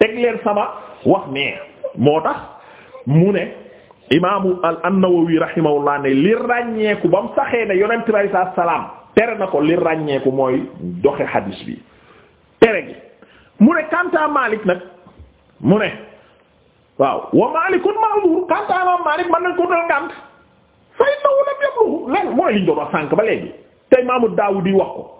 teg leen sama wax nee moo tax mu ne imaamu an-Nawawi rahimahullah ne li ràññeeku ba mu saxee ne yonent bi alayhi salaam tere na ko li ràññeeku mooy doxe xadiis bi tere gi mu ne kanta Maalik nag mu ne waaw wa Maalikun ma'zur kanta Maalik mën nañ ko doon ngànt fay nawu lam yablu lan mooy liñ doon wax sànk ba léegi te imaamu Daawudi wax ko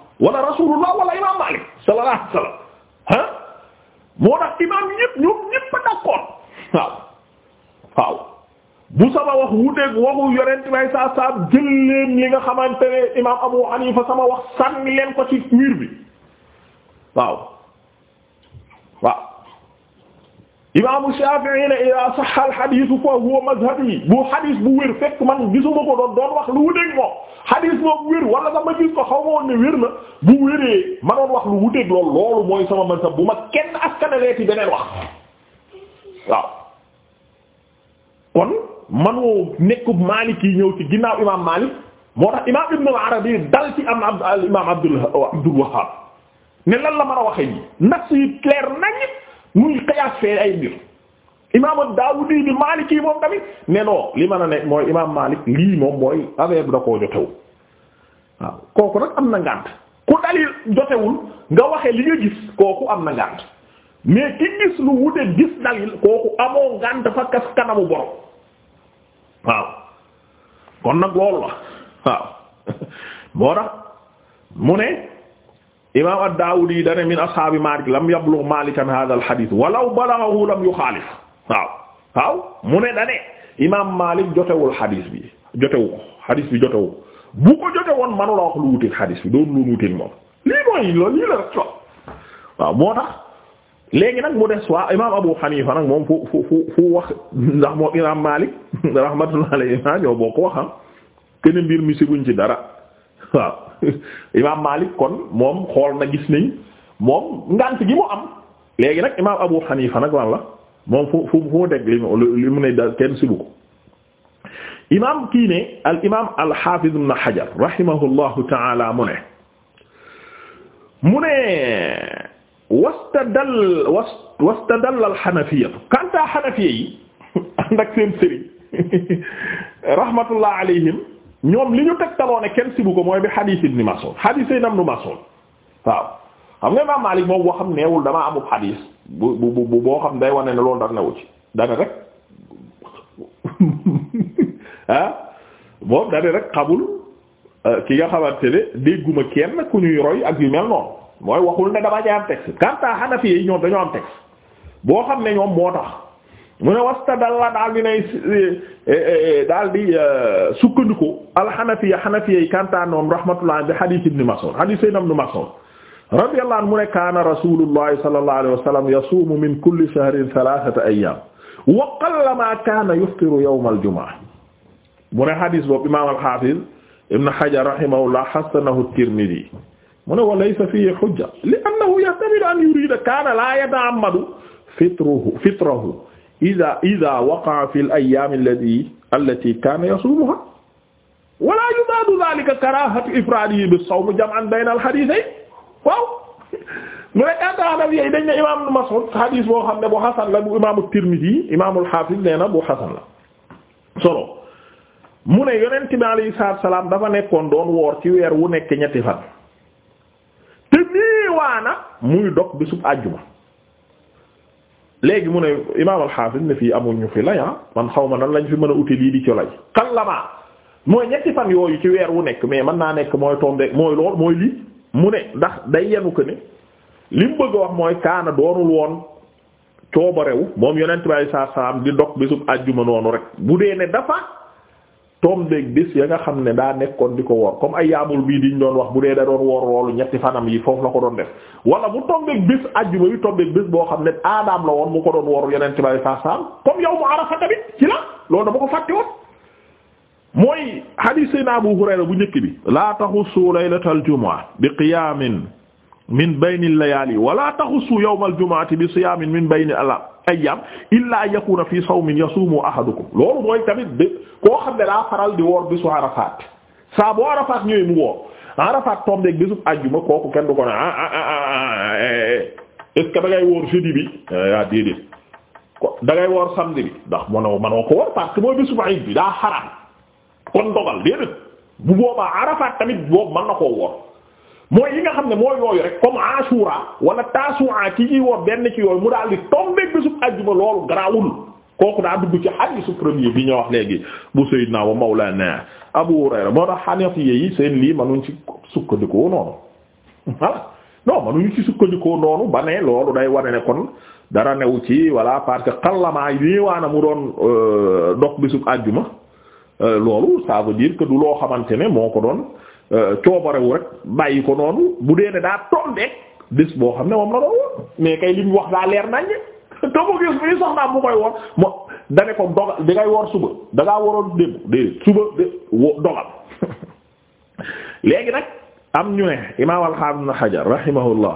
wala rasulullah wala imam Malik sallallahu alayhi wasallam ah moo tax imam ñëpp ñoom ñëpp a d'accord waaw waaw bu sama wax wuteeg waxu yonent bay saa saa jël li nga xamante ne imam Abu Hanifa sama wax sànni leen ko ci mur bi waaw waaw imaamu Shaafi'i ne idaa a al-hadiisu fa huwa mazhabi bu hadis bu wér fekk man gisuma ko doon doon wax lu wuteeg moom hadis moom wér wala sax ma gis ko xaw ma woon ne na bu wéree ma doon wax lu wuteeg loolu loolu mooy sama mazhab bu ma kenn askanaleeti beneen wax waaw. kon manoo nekkub Maalik yi ñëw ci ginnaaw imaam Maalik moo tax imaam Ibn al-Arabi dal ci am ab imaam Abdul Abdul Wahhab ne lan la mën a waxee nii nas yi clair muy xiyaas fee ay mbir imaamu Daawudi bi Maalik moom tamit ne li ma a ne mooy imaam Maalik lii moom mooy affaire bi da koo jotewu waaw kooku nag am na ngànt ku dalil jotewul nga waxee li nga gis kooku am na ngànt mais ki gis lu wute gis dalil kooku amoo ngànt fa kas kanamu borom waaw kon nag loolu la waaw moo tax mu ne imam ad-Daawudi yi dane min ashaabi Maalik lam yablugh Maalikan haadha al-hadiis walaw balaghahu lam yuxaalif waaw waaw mu ne dane imam Maalik jotewul xadis bi jotewu ko xadis bi jotewu woon manu la wax lu wuteeg xadis bi doon lu wuteeg moom lii mooy loolu lii la rek so waaw moo tax léegi nag mu des waa imam Abu Hanifa nag moom fu fu wax ndax moom imam Maalik rahmatullahi alayhi ñoo bokk waxam kenn mbir mi siguñ ci dara waaw imaam Malik kon moom xool na gis nañ moom ngant gi mu am léegi nag imaam Abu Hanifa nag lan la moom fu fu fu mu teg li mu ne da kenn sibu ko imaam kii ne al imaam al Hafiz ibn Hajar rahimahullahu ta'ala mu ne mu ne wastadal wastadal al Hanafiyya kanta Hanafiyya yi ànd ak seen sëriñ rahmatullah alayhim ñoom li ñu tegtaloo ne kenn sibu ko mooy bi hadith ibn Mas'ud hadith ibn Mas'ud waaw xam nga Imaam Maalik moom boo xam neewul dama amub hadith bu bu bu boo xam day wane ne loolu dara newu ci dara rek ah moom dara rek xamul euh, ki nga xamante ne guma kenn ku ñuy roy ak yu mel noonu mooy waxul ne dama ci am texte quant à Hanafi yi ñoom dañoo am texte boo xam ne ñoom moo tax. mu ne wastadalla daal di nay eh, eh, eh, daal di sukkandiku alxanafiya xanafiya yi kantaanoom rahmatullah bi hadith ibn Mas'ud hadith sayyidina ibn Mas'ud radiyallahu anhu mu ne kaana rasulullah sallallahu alayhi wa sallam yasuumu min kulli shahrin thalathata ayyam wa qallama kaana yuftiru yawm al-jumu'ah mu ne hadith boobu imam al-hafiz ibn Hajar rahimahullah hasanahu at-Tirmidhi mu ne wa laysa fihi hujja li annahu yahtamilu an yurida kaana la yata'ammadu fitrahu fitrahu ida ida waqaa fi l ayam allati allati kaana yasuumuha wala yubaadu dhalika karahatu ifradihi bi sawm jam'an al hadithayn waaw mu ne anta xanaf yey dañ ne imam Mas'ud hadis boo xam ne bu xasan la bu imaamu Tirmidhi imaamul xaafis nee na bu xasan la solo mu ne yonent bi alayhi salaatu salaam dafa nekkoon doon woor ci weer wu nekke ñetti fan te nii waana muy dog bisub àjjuma léegi mu ne imaam al-Hafiz ne fii ñu fi lay ah man xaw ma nan lañ fi mën a uti lii di ci lay xallamaa mooy ñetti fan yooyu ci weer wu nekk mais mën naa nekk mooy tombeek mooy lool mooy lii mu ne ndax day yenu ko ne li mu bëgg a wax mooy kaana doonul woon rew moom yonent bi sallallahu alayhi wasallam di dog bésub àjjuma noonu rek bu dee ne dafa tombeeg bis ya nga xam ne daa nekkoon di ko woor comme ay yaamul bii diñ doon wax bu dee da doon woor loolu ñetti fanam yi foofu la ko doon def wala bu tombeeg bis ajjuma yu tombeeg bis boo xam ne aadaam la woon mu ko doon woor yeneen ci bari saa saam comme yow mu arafa tamit ci la loolu dama ko fàtte woon mooy hadith sayna Abu Hurayra bu njëkk bi laa taxusu laylatal jumaa bi qiyaamin min bayni layaali wala taxusu yawmal jumaati bi siyaamin min bayni ala ayyam illaa yakuna fi sawmin yasumu ahadukum loolu mooy tamit bi koo xam ne daa faral di woor bisu Arafat saa boo Arafat ñëwee mu woor Arafat tombeeg bisu àjjuma kooku kenn du ko ne ah ah ah, ah, ah eh, eh, eh, est-ce que da ngay woor jeudi bi ah déedéet ko da ngay woor samedi bi ndax mënoo mënoo ko woor parce que mooy bisu Iid bi daa xaraam kon dogal déedéet bu boobaa Arafat tamit boobu mën na koo woor. mooy yi nga xam ne moo yooyu rek comme ashura wala tasu'a ci yi woon benn ci yooyu mu daal di tombé bésub àjjuma loolu garaawul kooku daa dugg ci hadiisu premier bi ñoo wax léegi bu Seydina wa Mawlana Abu Hurayra moo tax Hanafiya yi seen lii manuñ ci sukkandikoo noonu voilà non manuñ ci sukkandikoo noonu ba ne loolu day wane ne kon dara new ci voilà parce que xallamaa yi waana mu doon euh, dox bésub àjjuma euh, loolu ça veut dire loo xamante ne moo ko doon. Euh, coobarewu rek bàyyi ko noonu bu dee ne daa tombeek bés boo xam ne moom la doon woon mais kay li wax daa leer naññ te mu gis bii soxnaam bu koy woon moom da ko dogal di ngay woor suba da ngaa waroon démb de suba de dogal léegi nag am ñu ne imaam al-Hafiz Ibn Hajar rahimahullah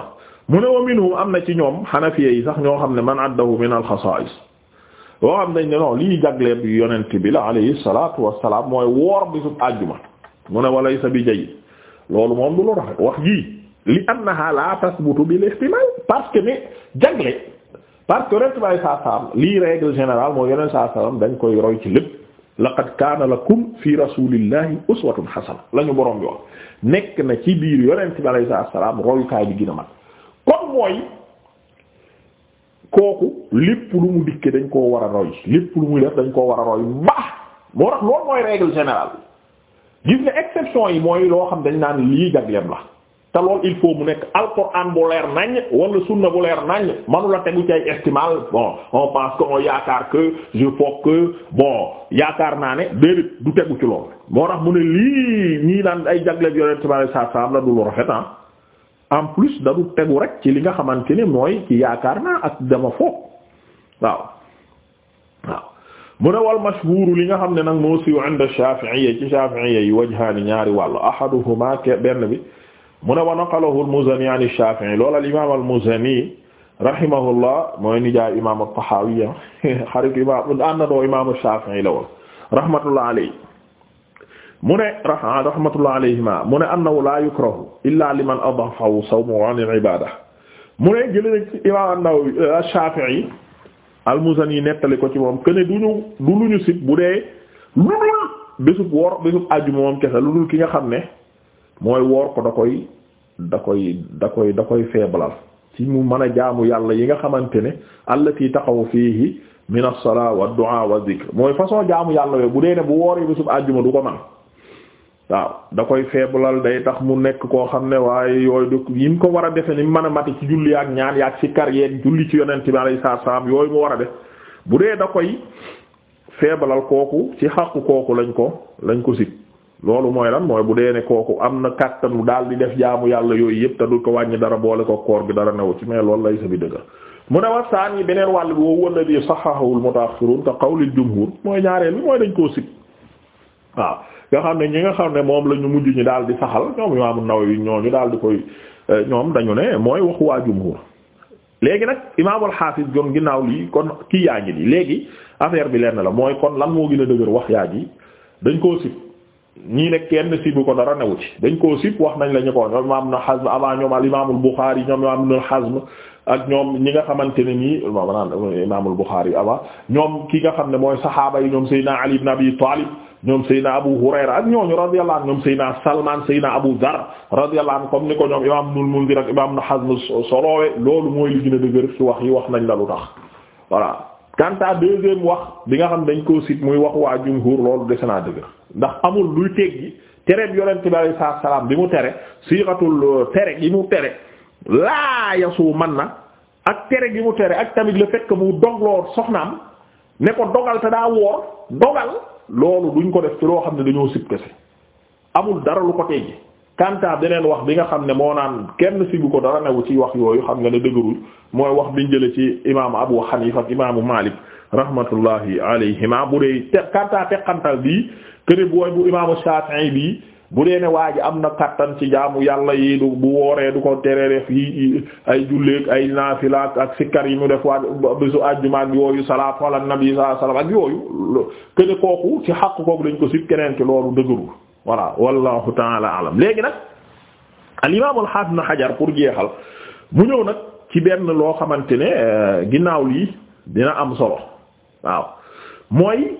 mu ne wa minhum am na ci ñoom xanafiya yi sax ñoo xam ne man addahu min al-xasaa'is yoo xam ne non lii jagleeb yonent bi la alayhi salaatu wassalaam mooy woor bisub àjjuma mu ne walay sa bi jay loolu moom du lu rafet wax jii li annaha la tasbutu bil ihtimal parce que ne jagle parce que rent bay saa salam lii règle général moo yeneen saa salam dañ koy roy ci lépp laqad kaana lakum fi rasulillahi uswatun hasana la ñu borom bi wax nekk na ci biir yonent bi alayhi salaatu salaam royukaay bi gina a mag kon mooy kooku lépp lu mu dikke dañ koo war a roy lépp lu muy def dañ koo war a roy mbaax moo tax loolu mooy règle générale gis nga exception yi mooy loo xam dañ naan lii jagleem la te loolu il faut mu nekk alquran bu leer nañ wala sunna bu leer nañ manula tegu ci ay estimal bon on pense que on yaakaar que je faut que bon yaakaar naa ne déedéet du tegu ci loolu moo tax mu ne lii ñii naan ay jagleem yore tamit saa saa la du lu rafet ah en plus da tegu rek ci li nga xamante ne mooy ci yaakaar naa ak dama foog waaw waaw. mu ne wal mashhuuru li nga xam ne nag moo siiw inda Shaafi'iyya ci Shaafi'iyya yi wajhaani ñaari wàll ahaduhumaa benn bi mu ne wa naqalahu al-Muzani an Shaafi'i lool al-imaam al-Muzani rahimahullah mooy nijaay imaam at-Tahawi ah xaritu imaam àndandoo imaam Shaafi'i la woon rahmatullah alayhi mu ne ah, rahmatullah alayhima mu ne annahu laa yukrahu illaa liman adafahu sawmuhu an al-ibaada mu ne jëlee ci imaam an-Nawawi euh, Shaafi'i al yi nettali ko ci moom que ne du ñu du lu ñu sib bu dee lu bésub woor bésub àjjuma moom kese lu dul ki nga xam ne mooy woor ko da koy da koy da koy da koy feebalal ci mu mën a jaamu yàlla yi nga xamante ne allati taxaw fiihi min as-salaa wa du'a wa dhikr mooy façon jaamu yàlla yooyu bu dee ne bu wooree bésub àjjuma du ko man waaw da koy feebulal day tax mu nekk koo xam ne waaye yooyu du yi mu ko war a defe ni mën a mati ci julli ak ñaan yaak ci kar yeeg julli ci yonent bi alayhi salaam yooyu mu war a def bu dee da koy feebalal kooku ci xaq kooku lañ ko lañ ko sit loolu mooy lan mooy bu dee ne kooku am na kàttanu daal di def jaamu yàlla yooyu yëpp te du ko wàññi dara boole ko koor bi dara newu ci mais loolu lay sa bi mu ne war saan yi beneen wàll bi woo wëla di saxaxawul mutaaxirun te waaw nga xam ne ñi nga xam ne moom la mujj ñi daal di saxal ñoom naw yi ñoo ñooñu daal di koy euh, ñoom dañu ne mooy waxuwaa waa jumhur léegi nag imaamul xaafis jon ginnaaw lii kon kii yaa ngi nii léegi affaire bi lenn la mooy kon lan moo gën a dëgër wax yaa ji dañ koo sib ñii ne kenn sibu ko dara newu ci dañ koo sib wax nañ la ñu ko ñoom imaam Ibn Hazm avant ñoom al imaamul Buxaari ñoom imaam Ibn Hazm ak ñoom ñi nga xamante ne nii maanaam imaamul Buxaari avant ñoom ki nga xam ne mooy saxaaba yi ñoom Seydina Ali ibn Abi Talib ñoom Seydina Abu Hurayra ak ñooñu radiyallahu anhu ñoom Seydina Salman Seydina Abu Dharr radiyallahu anhu comme ni ko ñoom imam Ibnul Munzir ak imam Ibn Hazm soloowe loolu mooy li gën dëgër ci wax yi wax nañ la lu tax voilà quant à deuxième wax bi nga xam dañ koo sit muy wax waa jumhur loolu de naa dëgër ndax amul luy teggi tereeb yonent bi alayhi salaam bi mu tere siixatul euh, tere gi mu tere laa su man na ak tere gi mu tere ak tamit le fait que mu dogloo soxnaam ne ko dogal te daa woor loolu duñ ko def ci loo xam ne dañoo sib kese amul dara lu ko teggi kanta beneen wax bi nga xam ne moo naan kenn sibu ko dara newu ci wax yooyu xam nga ne dëgërul mooy wax biñ jële ci imaamu Abu Hanifa ak imaamu Malik rahmatullahi alayhima bu dee te kanta teqantal bii këne booy bu imaamu Shafi'i bii bu dee ne waa ji am na kattan ci jaamu yàlla yi du bu wooree du ko tere def yi ay julleek ay naafilaak ak sikkar yi mu def waa bisu àjjuma ak yooyu salaat wala nabi sallallahu alayhi ak yooyu kene kooku ci xàq kooku lañ ko si keneen ki loolu dëgërul voilà wallahu taala alam léegi nag al imaam al haafid na xajar pour jeexal mu ñëw nag ci benn loo xamante ne euh, ginnaaw lii dina am solo waaw mooy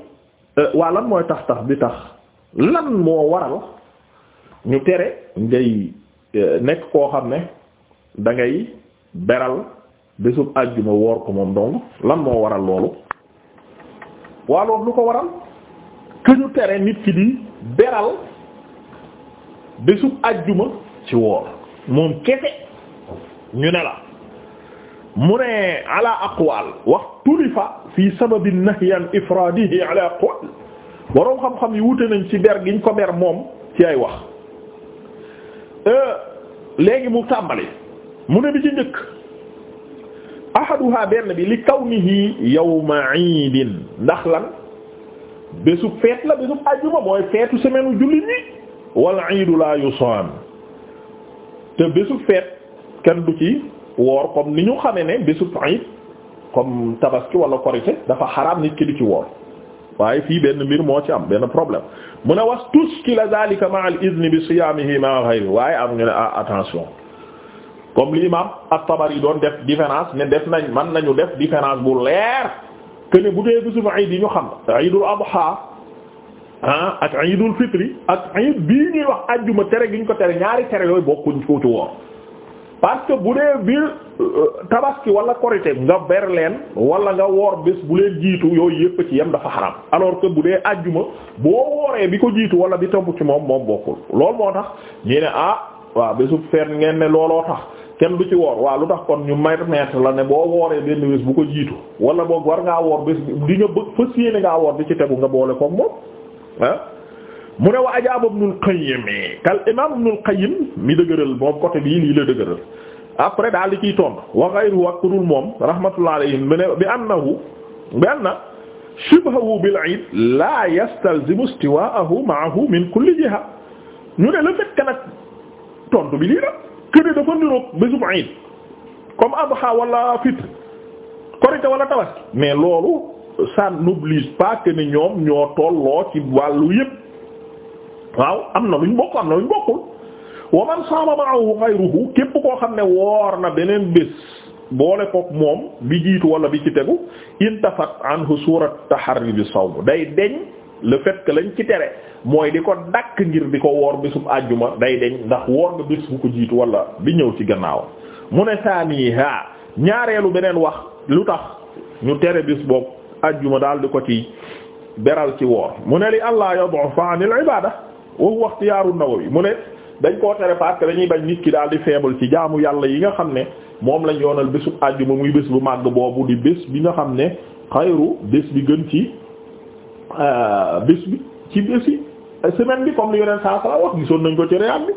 euh, waa mooy tax tax bi tax lan moo waral ñu tere ngay e, nekk koo xam ne da ngay beral bésub àjjuma woor ko moom dong lan moo waral loolu waa loolu lu ko waral que tere nit ki di beral bésub àjjuma ci woor moom kese ñu ne la mu ne ala aqwal wax tulifa fii sababi nahyi an ifradihi ala aqwal boroom xam-xam yi wute nañ ci ber giñ ko ber moom ci ay wax Euh, léegi mu tàmbali mu ne bi ci njëkk ahaduha benn bi li kawnihi yawma iidin ndax lan bésu feet la bésu ajjuma mooy feetu semaine jullit ñi wal iidu yu yusaam te bésu feet kenn du ci woor comme ni ñu xame ne bésu iid comme tabaski wala korite dafa xaraam nit ki du ci woor waaye fii benn mbir moo ci am benn problème mu na was tuskila zalika ma al izni bi siyaamihi ma ghayri waaye am ne ah attention comme li imam at-Tabari doon def différence ne def nañ man nañu def différence bu leer que bu dee bisub iid yi ñu xam iidul adha ah ak iidul fitri ak iid bii ñuy wax ajjuma tere gi ñu ko tere ñaari tere yooy bokkuñ ko ci woor parce que bu dee biir euh, tabaski wala korité nga ber leen wala nga woor bés bu leen jiitu yooyu yëpp ci yem dafa xaram alors que bu dee àjjuma boo wooree bi ko jiitu wala bi topp ci moom moom bokkul loolu moo tax ñu ne ah waaw bésu feet ngeen ne looloo tax kenn du ci woor waaw lu tax kon ñu permettre la ne boo wooree benn bés bu ko jiitu wala boog war ngaa woor bés di nga bëgg fas yéene ngaa woor di ci tegu nga boole koog moom ah mu ne wa ajaaba Ibnul Qayyim kal imaam Ibnul Qayyim mi dëgëral moom côté bii lii la dëgëral après daal di ciy tontu wa ghayru ak kudul moom rahmatullahi alayhim bi ne bi annahu bi anna shibhahu bil iid laa yastalzimu istiwaa'ahu ma'ahu min kulli jiha ñu ne le fait nag tontu bi lii la këne dafa niroog bésub iid comme adha wala fitr korite wala tabaski mais loolu ça n'oblige pas ni ñoom ñoo tolloo ci wàllu yépp waaw am na luñ bokk am na luñ bokkul ma man saama ma'ahu ghayruhu képp koo xam ne woor na beneen bés boole kook moom bi jiitu wala bi ci tegu intafat anhu surat taharri bi sawm day deñ le fait lañ ci tere mooy di ko dakk ngir di ko woor bésub àjjuma day deñ ndax woor nga bés bu ko jiitu walla bi ñëw ci gannaaw mu ne saaniha ñaareelu beneen wax lu tax ñu tere bés boobu àjjuma daal di ko ci beral ci woor mu ne li allah yad'u fa anil ibada waxu waxtiyaaru Nawawi mu ne dañ koo tere parce que dañuy bañ nit ki daal di faible ci jaamu yàlla yi nga xam ne moom lañ yoonal bésub àjjuma muy bés bu màgg boobu di bés bi nga xam ne xayru bés bi gën ci euh, bés bi ci bési semaine bi comme li yoneen saa wax gisoon nañ ko ci réat bi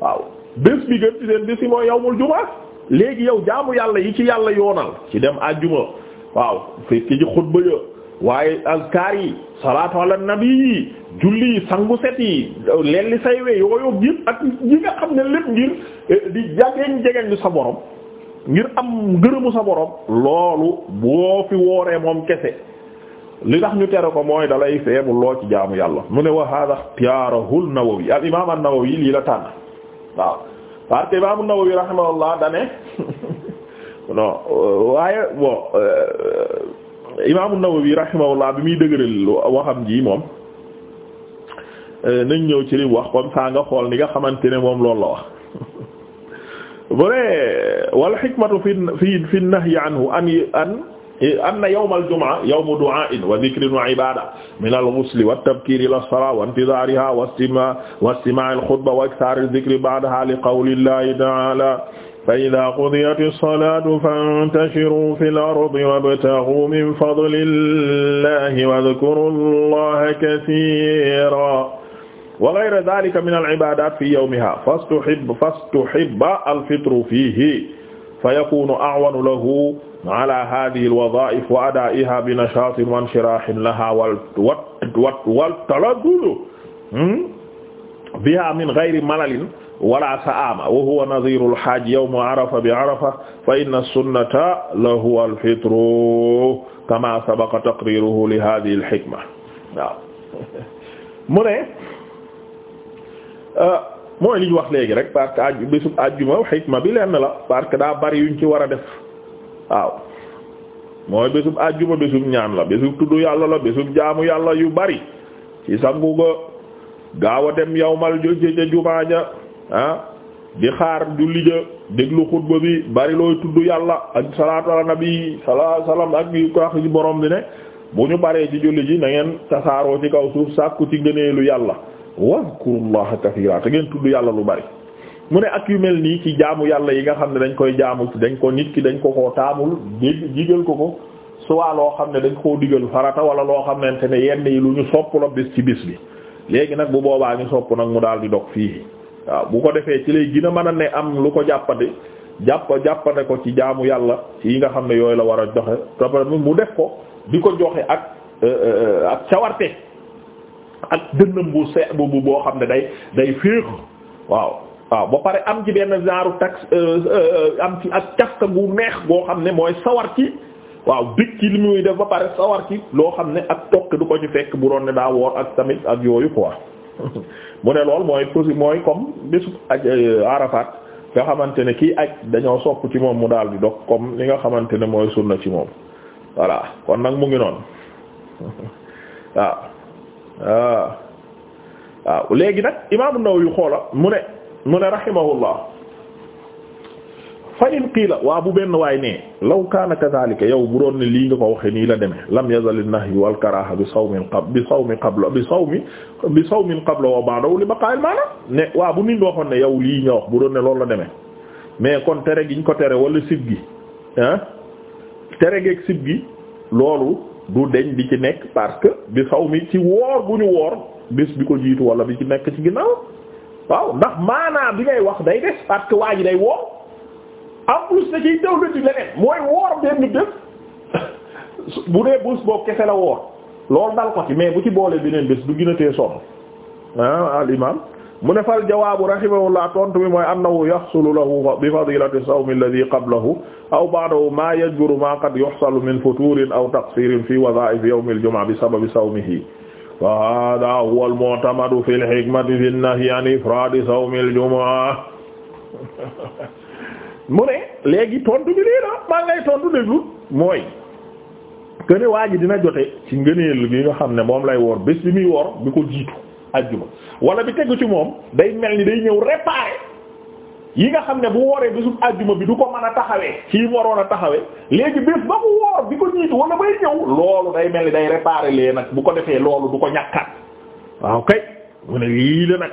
waaw bés bi gën ci seen bés yi mooy yawmul jumaa léegi yow jaamu yàlla yi ci yàlla yoonal ci dem àjjuma waaw fekk ci xutba ya waaye azkaar yi salaatu ala nabi yi julli yi sangu set yi lelli say we yooyu yëpp ak yi nga xam ne lépp ngir eh, di jageñ jegeñ sa borom ngir am ngërëmu sa borom loolu boo fi wooree moom kese li tax ñu tere ko mooy dalay feebu loo ci jaamu yàlla mu ne wa hada ixtiyaarahu an-Nawawi al imam an-Nawawi lii la tànn waaw parce que imam an-Nawawi rahimahullah dane non waaye bon euh, imam an-Nawawi rahimahullah bi muy dëgëral waxam ji moom Euh, nañ ñëw ci li wax comme ça nga xool ni nga xamante ne moom loolu la wax bu dee wal hikmatu fi fi fi nahyi anhu an an anna yawm al jumu'a yawmu du'a'in wa dhikrin wa ibada min al ghusl wa tabkir ila as-salah wa intidhariha wa istima' wa istima' al khutba wa ikthar adh-dhikri ba'daha li qawli llahi ta'ala فإذا قضيت الصلاة فانتشروا في الأرض وابتغوا من فضل الله واذكروا الله كثيرا wa ghayra dhalika min al-ibadat fi yawmiha fastuhib fastuhibba al-fitru fihi fayakunu a'wanu lahu ala hadhihi al-wadha'if wa ada'iha bi nashatin wa inshirahin laha wal taladulu hmm, biha min ghayri malalin wala sa'ama wa huwa nadhiru al-hajj yawm arafa bi arafa fa inna as-sunnata lahuwa al-fitru kama sabaqa taqriruhu li hadhihi al-hikma waaw mu ne Euh, mooy li wax léegi rek parce que aju bésub àjjuma xikma bi lenn la parce que daa bari ñu ci war a def waaw mooy bésub àjjuma bésub ñaan la bésub tudd yàlla la bésub jaamu yàlla yu bari ci sangu ga gaaw a dem yawmal jojëja jumaa ja ah di xaar julli ja déglu xutba bi bari looy tudd yàlla ak salaatu ala nabi salaa salaam ak yu ko wax borom bi ne bu ñu baree ci julli ji na ngeen tasaaroo ci kaw suuf sàkku ci gëneelu yàlla wazkurullaha kathira te ngeen tudd yàlla lu bari mu ne ak yu mel nii ci jaamu yàlla yi nga xam ne dañ koy jaamu dañ ko nit ki dañ ko ko taamul dégg digal ko ko soit loo xam ne dañ koo digal farata wala loo xam ne ne yi lu ñu sopp la ci bis bi léegi nag bu boobaa ñu sopp nag mu daal di dog fii bu ko defee ci lay gën mën a ne am lu ko jàppandi jàpp jàppande ko ci jaamu yàlla yi nga xam ne yooyu la war a joxe mu def ko di ko joxe ak euh, euh, ak cawarte ak dënnam bu se bu boo xam ne day day féex waaw waaw ba pare am ci benn genre tax euh, euh, am ci ak cafka gu neex boo xam ne mooy sawar ci waaw dëkk li muy def ba pare sawar ci loo xam ne ak tokki du ko ci fekk bu doon ne daa woor ak tamit ak yooyu quoi mu ne lool mooy possible mooy comme bésu aj euh, Arafat nga xamante ne kii aj dañoo sopp ci moom mu daal di dog comme li nga xamante ne mooy sunna ci moom voilà kon nag mu ngi noon waaw waaw ah. ah, léegi nag imaamu yu xoola mu ne mu ne rahimahullah fa kii la waa bu benn waay ne law kaana kadhalika yow bu doon ne lii nga ko waxe nii la deme lam yazal an-nahy wal karaha bi sawmin qabla bi sawmi qabla bi sawmi bi sawmin qabla wa ba'dahu li baqa al-ma'na ne waa bu nit waxoon ne yow lii nga wax bu doon ne loolu la deme mais kon tere giñ ko tere wala sib gi ah tere geeg sib gi loolu du deñ bi ci nekk parce que bi saw mi ci woor bu ñu woor bés bi ko jiitu wala bi ci nekk ci ginnaaw waaw ndax maanaa bi ngay wax day des parce que waa ji day woor en plus da ciy dawlati leneen mooy woor benn bés bu dee bés boobu kefe la woor lool dal ko ci mais bu ci boolee beneen bés du gën a sonn ah mu ne fal jawaabu rahimahullah tontu bi mooy annahu yaxsulu lahu bi fadilati sawmi alladhi qablahu aw ba'dahu ma yajburu ma qad yuhsalu min futurin aw taqsirin fi wadha'if yawmi al-jumu'a bi sababi sawmihi wa hadha huwa al-mu'tamadu fi al-hikmati fi an-nahyi an ifradi sawmi al-jumu'a mu ne léegi tontu bi lii la maa ngay tontu déglu mooy kene waa ji dina jote ci ngëneel gi nga xam ne moom lay wor bés bi muy wor bi ko jiitu ajjuma wala bi tegu ci moom day mel ni day ñëw réparer yi nga xam ne bu wooree bésub ajjuma bi du ko mën a taxawee ci waroon a taxawee léegi bés ba mu woor bi ko ñiitu wala bay ñëw loolu day mel ni day réparer lee nag bu ko defee loolu du ko ñàkkaat waaw kay mu ne lii la nag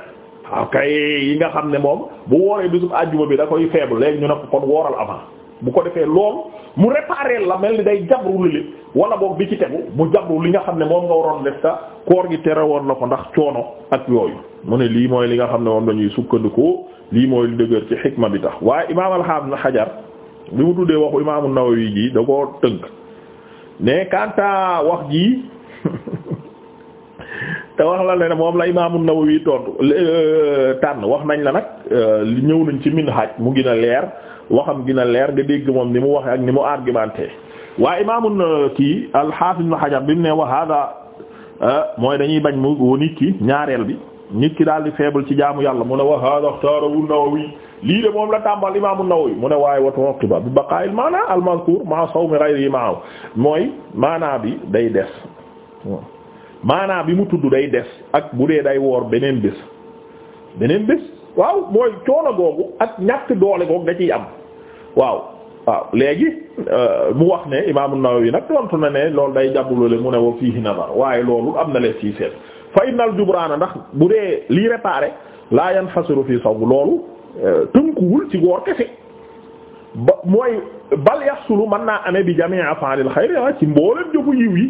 waaw kay yi nga xam ne moom bu wooree bésub ajjuma bi da koy faible léegi ñu ne ko kon wooral avant bu ko defee loolu mu réparer la mel ni day jabru li wala boog bi ci tegu mu jabru li nga xam ne moom nga waroon def ta koor gi tere woon la ko ndax coono ak yooyu mu ne lii mooy li nga xam ne moom lañuy sukkandiku lii mooy lu dëgër ci xikma bi tax waaye imaam alxaam na xajar bi mu tuddee waxu imaamu Nawawi jii da ko tënk ne kanta wax ji te wax la ne moom la imaamu Nawawi tontu euh, tànn wax nañ la nag euh, ñëw nañ ci minhaj mu gën a leer waxam na leer nga dégg moom ni mu waxe ak ni mu argumenté waaye imaamun euh, kii al-Hafiz Ibn Hajar bi mu ne wa hada euh, mooy dañuy bañ mu ñaareel bi nit ki daal di faible ci jaamu yàlla mu ne wa lii de moom la tàmbal imaamu Nawawi mu ne waaye wa tuqiba bi baqaa'il maana al-mazkuur ma sawmi ghayrihi ma'ahu mooy maanaa bi day des maanaa bi mu tudd day des ak bu dee day woor beneen bés beneen bés waaw mooy coono googu ak ñàkk doole googu da ciy am waaw waaw léegi euh, mu wax ne imaam an yi nag tontu na ne loolu day jàppulole mu ne wa fiihi nazar waaye loolu am na les ci seet fa innal jubraana ndax bu dee lii réparé laa yanfasiru fii saw loolu euh, tënkuwul ci góor kese ba mooy bal yasulu man naa amee bi jamii afaalil xayri ah ci mboolem jëfu yiw yi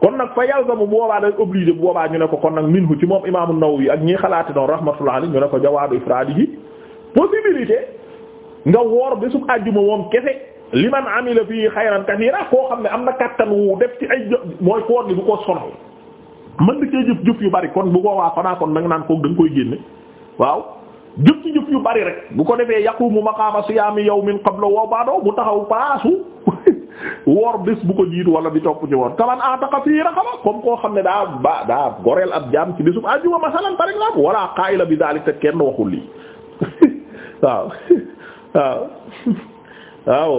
kon nag fa yalzamu bu boobaa day obligé boobaa ñu ne ko kon nag minhu ci moom imaam an-Nawawi ak ñi xalaati noonu rahmatullah alayhi ñu ne ko jawaabu ifraadi gi possibilité. nga woor bésub àjjuma moom kese liman amila fii xayran kasiira koo xam ne am na kattan wu def ci ay mooy koor gi du ko sonal mën na cee jëf jëf yu bari kon bu ko waa xanaa kon da naan koog da nga koy génne waaw jëf ci jëf yu bari rek bu ko defee yaqumu maqaama siyaami yawmin qabla wa ba'dahu bu taxaw paasu woor bés bu ko jiitu wala bi topp ci woon kaman ataqa fii raqaba comme koo xam ne daa ba daa goreel ab jaam ci bésub àjjuma masalan par exemple wala qaa'ila bi daalika kenn waxul lii waaw waaw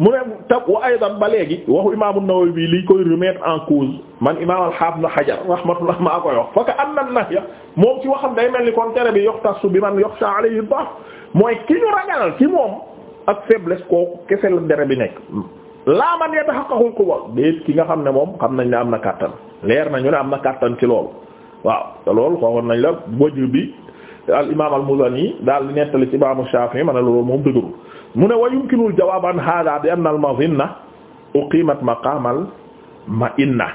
mu ne tab wa aydan ba léegi waxu imaamu Nawawi bi li koy remettre en cause man imaam al-Hafiz Ibn Hajar rahmatullah maa koy wax fa ka anna nahya moom ci waxam day mel ni kon tere bi yoxtasu bi man yoxsha alayhi da'f mooy ki ñu ragal ci moom ak faiblesse kooku kese la dere bi nekk laa man yatahaqqaqul quwwa déet ki nga xam ne moom xam nañ ne am na kàttan leer nañu ne am na kàttan ci loolu waaw te loolu xooxoon nañ la wajj bi al imaam al muzani daal di nettali ci imaamu Shaafi'i ma ne loolu moom dëgërul mu ne wa yumkinul jawaab an haadaa bi anna al madinna uqimat maqaamal ma'inna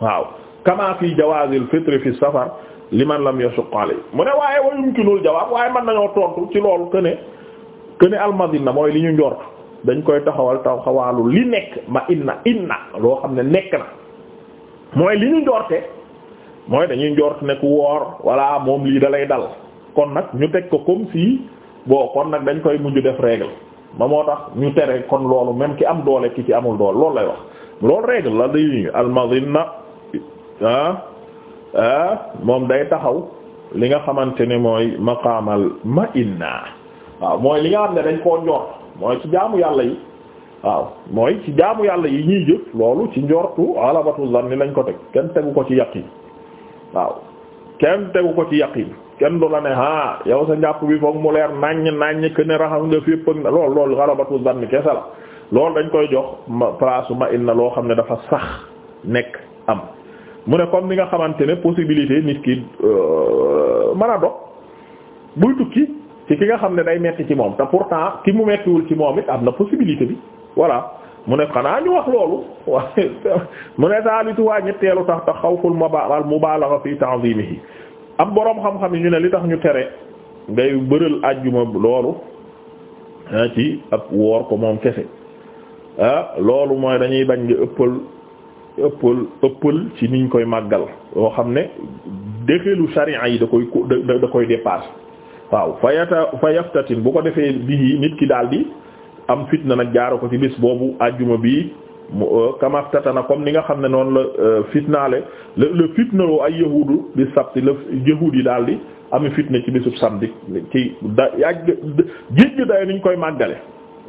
waaw kamaa fi jawaazil fitri fi safar liman lam yashuq alayhi mu ne waaye wa yumkinul jawaab waaye mën nañoo tontu ci loolu que ne que ne al mooy li ñu njort dañ koy taxawal taxawaalu li nekk ma inna inna loo xam ne nekk na mooy li ñu njorte mooy dañuy njort ne ku woor walla moom lii da lay dal. kon nag ñu teg ko comme si bon kon nag dañ koy mujj def règle ma moo tax ñu tere kon loolu même ki am doole ki ci amul doole lool lay wax loolu règle la day almadinna ah ah moom day taxaw li nga xamante ne mooy maqaamal ma inna waaw mooy li nga xam ne dañ koo njort mooy ci jaamu yàlla yi waaw mooy ci jaamu yàlla yi ñuy jëf loolu ci njortu alabatu zanni lañ ko teg kenn tegu ko ci yaqin waaw kenn tegu ko ci yaqin kenn du la ne ah yow sa njàpp bi foog mu leer naññ naññ que ne raxas nga fépp ak lool loolu xalabatu zanni kese la loolu dañ koy jox place ma inna loo xam ne dafa sax nekk am mu ne comme ni nga xamante ne possibilité nit ki euh, mën a dox buy tukki ci ki nga xam ne day metti ci moom te pourtant ki mu mettiwul ci moom it am na possibilité bi voilà mu ne xanaa ñu wax loolu waaye mu ne saalitu waa ñetteelu tax tax xawful mubaalaxa fi ta'zimihi am boroom xam-xam yi ñu ne li tax ñu tere ngay bëral àjjuma loolu ah, ci ab woor ko moom kese ah loolu mooy dañuy bañ nga ëppal ëppal ëppal ci niñ koy màggal yoo xam ne dexelu sharia yi da koy da koy dépasse waaw fa yata fa yaftatin bu ko defee bii nit ki daal di am fitna nag jaaro ko ci bis boobu àjjuma bii Euh, na comme ni nga xam ne noonu la euh, fitnaale la la fitnaloo ay yahudu bi sabti la yahuud yi daal di ami fitna ci bisub samedi ci da yàgg jégg day niñ koy màggale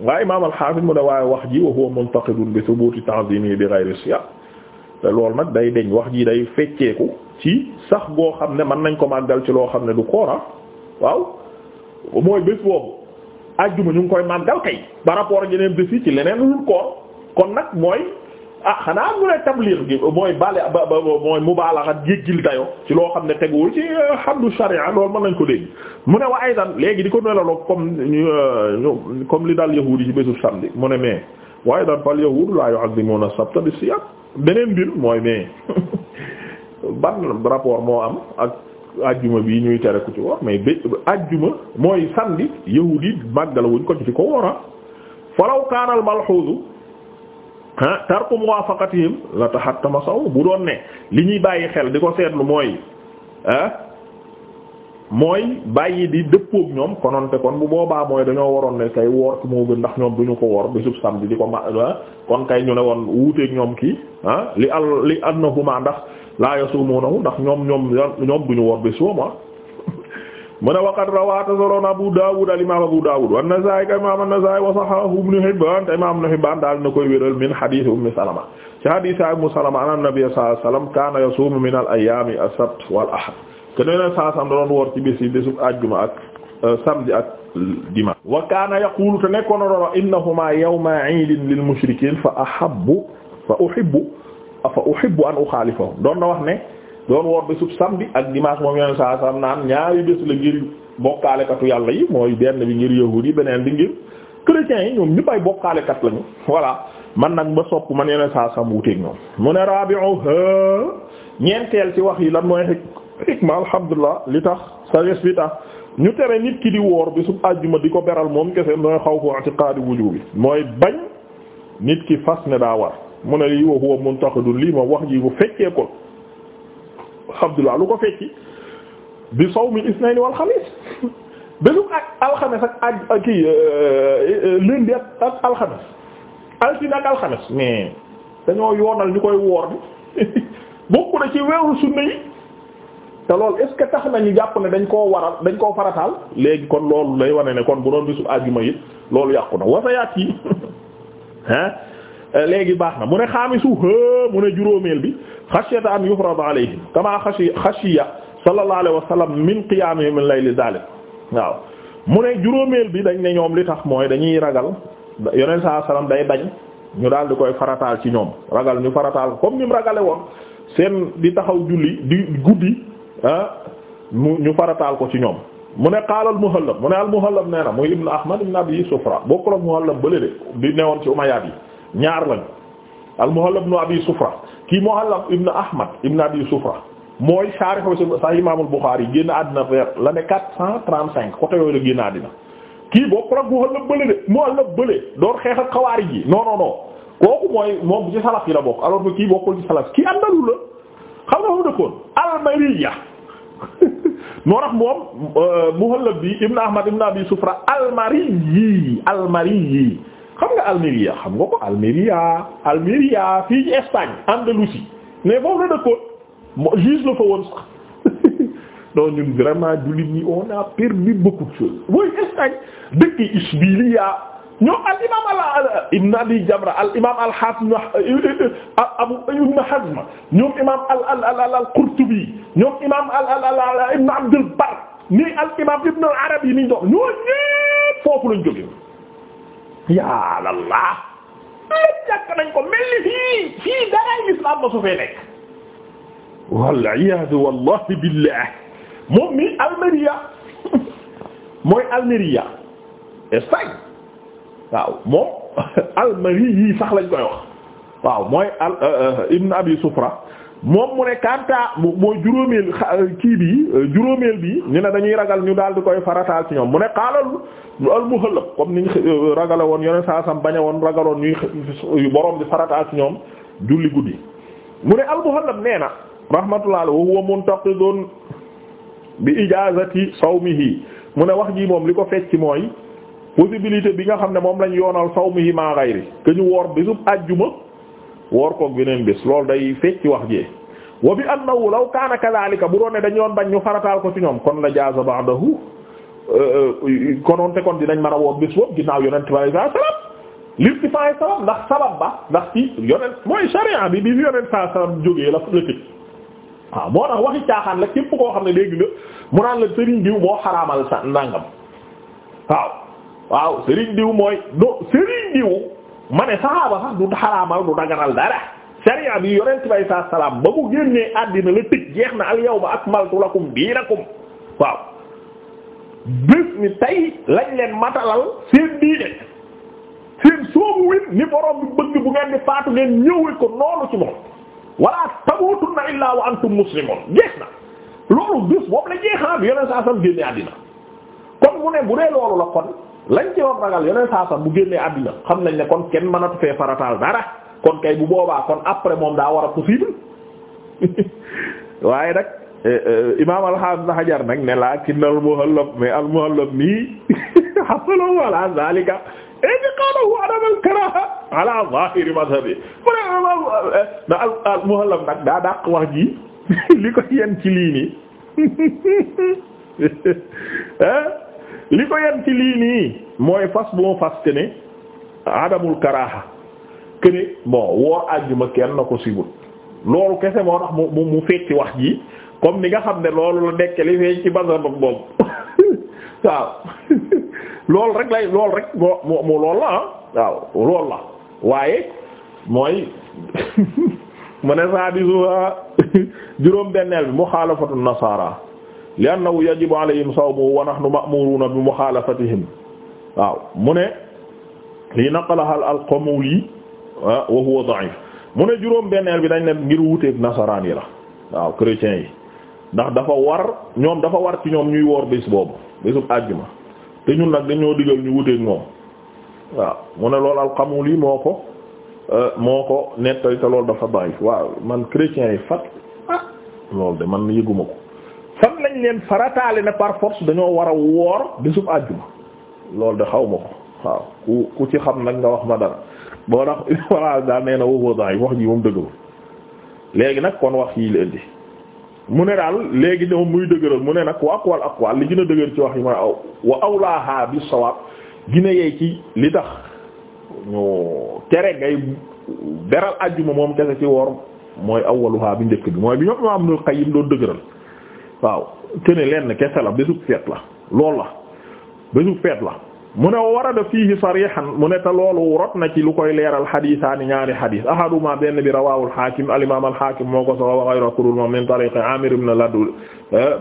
waaye imaam al-Hafiz mu ne waaye wax ji wa huwa muntaqidun bi thubuti ta'zimi bi ghayri siyam te loolu nag day deñ wax ji day fecceeku ci sax goo xam ne mën nañ ko màggal ci loo xam ne du koora waaw mooy bés boobu ajjuma ñu ngi koy màggal kay ba rapport ak yeneen bés yi ci leneen lu kon nag mooy a ah, xanaa mu ne tabliir gi mooy bale ba ba mooy mubaalaxa jéggil dayo ci loo xam ne teguwul ci xaddu euh, sharia loolu mën nañ ko dégg mu ne wa aydan léegi di ko nelaloog comme euh, ñu comme li dal yahuudi ci bésu samedi mu ne mais wa aydan fal yahuud la yu'azzimuna sabta bi siyam beneen mbir mooy mais ban rapport moo am ak ajjuma bi ñuy tere ku ci woor mais bé ajjuma mooy samedi yahuudi màggala wuñ ko ci ko woora ah. falaw kaanal malxuusu ah tarku muwaafaqatihim la taxattama saw bu doon ne li ñuy bàyyi xel di ko seetlu mooy mooy bàyyi di dëppook ñoom kononte kon bu boobaa mooy dañoo waroon ne kay woor ki moo gën ndax ñoom du ñu ko woor bi samedi di ko ma kon kay ñu ne woon wuuteeg ñoom kii ah li al li annahuma ndax laa yasumunahu ndax ñoom ñoom ñoom du ñu woor mu ne waqad rawaata soloon Abu Dawud al imaam Abu Dawud wa Nasaa'i ka imaam Nasaa'i wa sahhahu Ibn Hibbaan te imaam Ibn Hibbaan daal na koy wéral min hadiis Ummi Salama ci hadiis Ummi Salama anna Nabiyya sallallahu alayhi wa sallam kaana yasuumu min al ayyaami as-sabt wal ahad te nee na saa sam doon woor ci bés yi bésu àjjuma ak euh, samedi ak dimanche. wa kaana yaquulu te nekkoon na doon innahumaa yawma iidin lil mushrikiin fa ahabbu fa uhibbu fa uhibbu an uxaalifahum doon na wax ne. doon woor bésub samedi ak dimanche moom yoon saa sam naan ñaari bés la ngir bokkaalekatu yàlla yi mooy benn bi ngir yahuud yi beneen bi ngir chrétiens yi ñoom ñu bay bokkaalekat lañu voilà man nag ba sopp ma yeneen saa sam wuteeg ñoom mu ne rabi'uha ñeenteel ci wax yi lan mooy xikma alhamdulilah li tax sa ges bi tax ñu tere nit ki di woor bésub àjjuma di ko beral moom kese mooy xawfu i'tiqaadi bi mooy bañ nit ki fas ne daa war mu ne lii wa lii moom wax ji bu ko alhamdulilah lu ko fekki bi mi isnayn wal xamis bésu ak alxames ak ak kii euh, euh, lundi ak alxames altine ak alxames mais dañoo yoonal ñu koy woor bi bokk na ci weeru sunna yi te loolu est tax nañu jàpp ne dañ koo waral dañ koo farataal léegi kon loolu lay wane ne kon bu doon bisu àjjuma yi loolu yàqu na wasayaat yi ah léegi baax na mu ne xaamisu hë mu ne juróomeel bi xasiyata an yufrada alayhim kama xasi xasiya sallallahu alayhi wa sallam min qiyamihim layli dalik waaw mu ne juróomeel bi dañ ne ñoom li tax mooy dañuy ragal yoneen saa salaam day bañ ñu daal di koy farataal ci ñoom ragal ñu farataal comme nim mu ragale woon seen di taxaw julli di guddi ah ñu farataal ko ci ñoom mu ne qaala al muhallab mu ne al muhallab nee na muy ibnu ahmad ibnu abi sufra bokkul ak muhallab ci umayyad yi ñaar lañu al-Muhallab ibn Abi Sufra kii Muhallab ibn Ahmad ibn Abi Sufra mooy saari sa Imaamul Buxaari génn àddina vers l'année quatre cent trente-cinq côté yooyu la génn àddina kii boo ko nag Muhallab bële de Muhallab bële door xeex ak xawaari ji non kooku mooy moom ci salaf yi la bokk alors que kii bokkul ci salaf kii àndalu la xam nga fa mu dëkkoon Almariya noo tax moom euh, Muhallab bi ibn Ahmad ibn Abi Sufra Almariyi Almariyi xam nga Almeria xam nga ko Almeria Almeria fii ci Espagne Andalousie mais foofu la dëkkoon mo juge la fa woon sax donc ñun vraiment jullit ñi on a perdu beaucoup de choses mooy Espagne dëkk Isbiliya ñoo al imam al ibn Abi Jamra al imam al Hafiz euh, euh, euh, Abu Ibn Hazm ñoom imam al al al Qurtubi ñoom imam al al ibn Abd al Barr ni al imam ibn al Arabi ni ñoo ñépp foofu lañ jóge yaa Allah lépp yàq nañ ko mel ni fii fii daray lislaam ma su fee nekk wal iyaadu billah moom mi Almeria mooy Almeria Espagne waaw moom Almeri yi sax lañ koy wax al euh, euh, Ibn Abi Sufra moom mu ne mu mooy juróomeel euh, kii bi euh, juróomeel bi ñu ne dañuy ragal ñu daal di koy farataal ci ñoom mu ne xaalal al muhallab comme niñ euh, ragale woon yoneen saa sam bañe woon ragaloon ñuy borom di farataal ci ñoom julli guddi mu ne al muhallab nee na rahmatullah wa huwa muntaqidun bi ijazati sawmihi mu ne wax jii moom li ko fecc mooy possibilité bi nga xam ne moom lañ yoonal mi ma ghayri que ñu woor bésub àjjuma woor koog beneen bis loolu day ci wax jee wa bi annahu law kaana kadhalika bu doon ne dañu doon bañ ñu farataal ko ci ñoom kon la jaaza ba'dahu konoon te kon dinañ mën a woor bés boobu ginnaaw yonent bi sallallahu alayhi wasallam lirtifaay sabab ndax sabab ba ndax ci yonent mooy sharia bi bi yonent saa sabab jógee la la tëj waaw moo tax waxi caaxaan la képp koo xam ne léegi nga mu naan la sëriñ diw moo xaraamal sa nangam waaw waaw sëriñ diw mooy do sëriñ diw ma ne saxaaba sax du xaraamal du daganal dara sariya bi yonent bi saa salaam ba mu génnee àddina la tëj jeex na al yawma akmaltu lakum diinakum waaw bés ni tey lañ leen matalal seen diine seen soobu win ni borom bi bëgg bu ngeen di faatu ngeen ñëwee ko noonu ci moom wala tamuutunna illaa wa antum muslimun jeex na loolu bés boobu la jeexaa bi yonent saa salaam génnee àddina kon mu ne bu dee loolu la kon. lañ ci wax ragal yeneen saasa bu génnee àdduna xam nañ ne kon kenn mënatu fee farataal dara kon kay bu boobaa kon après moom daa war a waaye nag eh, eh, imaam al-Hafiz nag ne lakin al-muhallab mais al-muhallab nii hasalahu ala zalika i'tiqadahu adam al-karaha ala zahiri madhabi mu ne eh, al-muhallab nag daa dàq wax ji li ko yenn ci lii nii li ko yem ci lii nii mooy fas bu ma fas ke ne adamul karaaxa ke ne bon àjjuma kenn na ko sibut loolu kese moo tax mu mu fekki wax ji comme ni nga xam ne loolu la nekk li feeñ ci bazan boobu waaw loolu rek lay loolu rek moo moo moo la ah waaw loolu la waaye mooy mu ne saa di ah, juróom benneel bi mu xaalafatu nasaara li annahu yajibu alayhim sawmu wa nahnu ma'muruna bi mukhalafatihim waaw mu ne lii naqalaha al yi ah, wa huwa mu ne juróom-benneel bi dañ ne ngir wuuteeg nasaraan yi la waaw chrétiens yi ndax dafa war ñoom dafa war ci ñoom ñuy woor bés boobu bésub àjjuma te ñun nag dañoo digal ñu wuuteeg moom waaw mu ne loolu al-Qamuli moo ko eh, moo ko nettali te loolu dafa da'if waaw man chrétiens yi fat ah loolu de man yëguma ko. fan nañ leen farataale ne par dañoo war a woor bésub àjjuma loolu de xawma ma ko waaw ku ku ci xam nag nga wax ma dara boo tax walla daal nee na wóoboo yi wax ji moom dëgg léegi nag kon wax yi la mu ne daal léegi ñoom muy dëgëral mu ne nag wa aqwal aqwal li gën a dëgër ci wax yi mooy aw wa awlaaha bi sawaab gina yeey ci li tax ñu tere ngay beral àjjuma moom kese ci woor mooy aw awwaluha bi njëkk bi mooy bi ñoo am nul Qayyim doon dëgëral waaw këne lenn kese la bésub feet la loolu la bésub la mu ne warada fiihi sarihan mu ne loolu rot na ci lu koy leeral xadiisaani ñaari xadiis ahaduma benn bi rawaawul xaakim al-imaam al-xaakim moo ko solo wa ghayru kurul moom min tariiqi Aamir ibn Ladun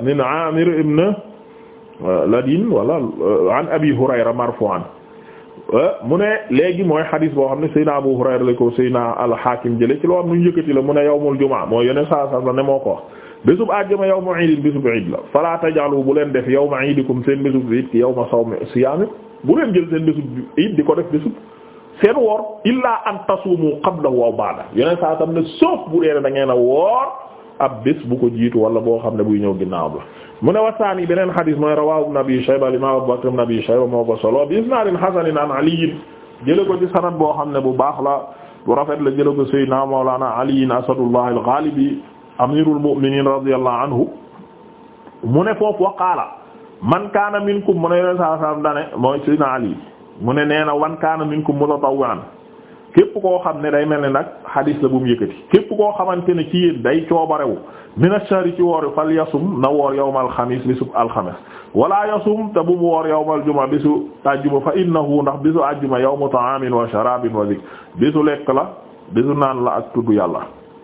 min Aamir Ladin wala an Abi Hurayra marfu'an mu ne léegi mooy xadiis boo xam ne Seydina Abu Hurayra la ko Seydina al-Xaakim jële ci loo am nu ñu yëkkati la mu ne yawmul jumaa saa saa ne moo ko bésub àjjuma yawma iid bésub iid la fala taj'alu bu leen def yawma iidikum seen bésub iid ki yawma sawmi siyaam bu leen jël seen bésub iid di ko def bésub seen woor illaa an tasuumu qablahu aw ba'da yeneen saa tam ne sauf bu dee da ngeen a woor ab bés bu ko jiitu wala boo xam ne buy ñëw ginnaaw la. mu ne wasaani beneen xadis mooy rawaahu ibn Abi Shayba al-imaam Abu Bakr ibn Abi Shayba moo ko solo bi isnaadin hasanin an Ali jëlee ko ci sanad boo xam ne bu baax la bu rafet la jëlee ko Sayyidina Mawlana Ali asadullah al-Ghalibi amirul mu'minin radiyallahu anhu mu ne foofu wa qaala man kaana minkum mu ne yoneen saa salaam dane mooy Seydina Ali mu ne nee na wan kaana minkum mutatawwi'an képp koo xam ne day mel ni nag hadis la bu mu képp koo xamante ne ci yéen day coobarewu min a shahri ci woor fal yasum na woor yawmal xamis bisu alxames wala yasum te bu mu woor yawmal juma bisu ajjuma fa innahu ndax bisu ajjuma yawmu ta'amin wa sharabin wa zik bisu lekk la bisu naan la ak tudd yàlla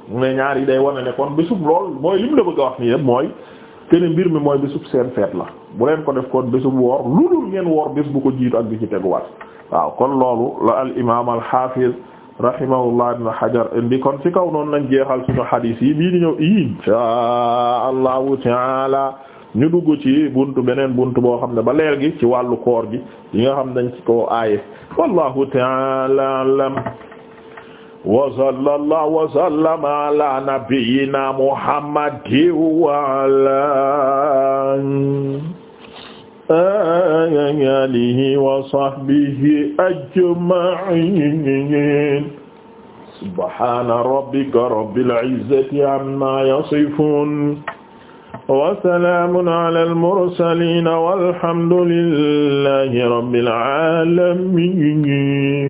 mu ne ñaar yi day wane ne kon bésub lool mooy li mu la bëgg a wax nii yëpp mooy keneen mbir mi mooy bésub seen feet la bu leen ko def kon bésub woor lu dul ngeen woor bés bu ko jiitu ak bi ci teguwaat waaw kon loolu la al imaam al hafiz rahimahullah ibn hajar bi kon ci kaw noonu lañ jeexal suñu hadith yi bii ni ñëw insha allahu taala ñu dugg ci bunt beneen bunt boo xam ne ba leer gi ci wàllu koor gi yi nga xam dañ ci ko aaye wallahu taala alam wa sallallahu wa sallama ala nabiyyina muhammadin wa ala alihi wa sahbihi ajma'in subhana rabbika rabbil izzati amma yasifun wa salaamun alal mursaliin walhamdu lillahi rabbil aalamiin